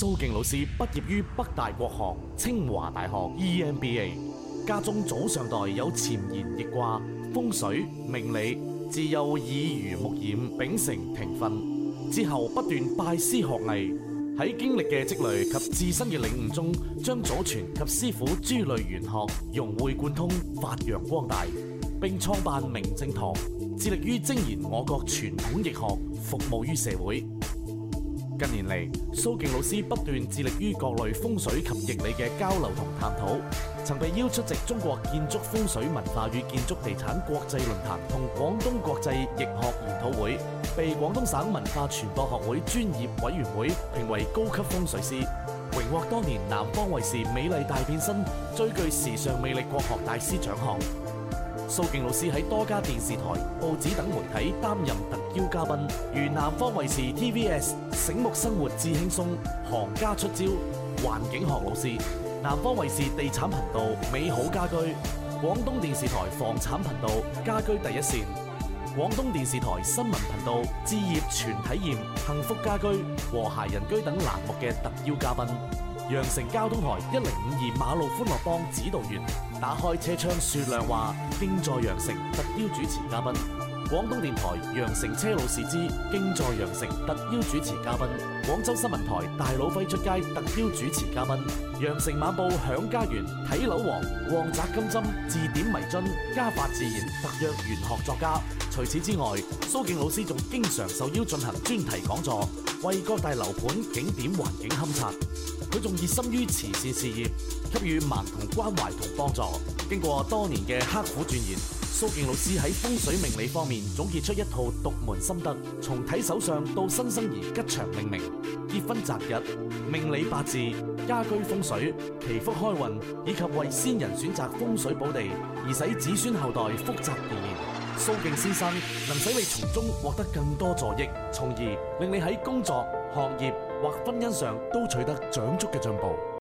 蘇敬老師畢業於北大國學、清華大學 EMBA，家中祖上代有潛言易卦、風水命理，自幼耳濡目染，秉承庭訓。之後不斷拜師學藝，喺經歷嘅積累及自身嘅領悟中，將祖傳及師傅諸類玄學融會貫通，發揚光大，並創辦明正堂，致力於精研我國傳統易學，服務於社會。近年嚟，蘇敬老師不斷致力於各類風水及易理嘅交流同探討，曾被邀出席中國建築風水文化與建築地產國際論壇同廣東國際易學研討會，被廣東省文化傳播學會專業委員會評為高級風水師，榮獲當年南方衞視《美麗大變身》最具時尚魅力國學大師獎項。蘇敬老師喺多家電視台、報紙等媒體擔任特邀嘉賓，如南方衛視 TVS《醒目生活至輕鬆》、行家出招、環境學老師；南方衛視地產頻道《美好家居》、廣東電視台房產頻道《家居第一綫》、廣東電視台新聞頻道《置業全體驗》、幸福家居、和諧人居等欄目嘅特邀嘉賓。羊城交通台一零五二馬路歡樂幫指導員。打開車窗說亮話，經在羊城特邀主持嘉賓；廣東電台羊城車路士之經在羊城特邀主持嘉賓；廣州新聞台大佬輝出街特邀主持嘉賓；羊城晚報享家園睇樓王旺宅金針字典迷津加法自然特約玄學作家。除此之外，蘇敬老師仲經常受邀進行專題講座，為各大樓盤景點環境勘察。佢仲熱心於慈善事業，給予盲童關懷同幫助。經過多年嘅刻苦鑽研，蘇敬老師喺風水命理方面總結出一套獨門心得，從睇手相到新生兒吉祥命名、結婚擇日、命理八字、家居風水、祈福開運，以及為先人選擇風水寶地，而使子孫後代福澤綿延。蘇敬先生能使你從中獲得更多助益，從而令你喺工作、學業，或婚姻上都取得長足嘅進步。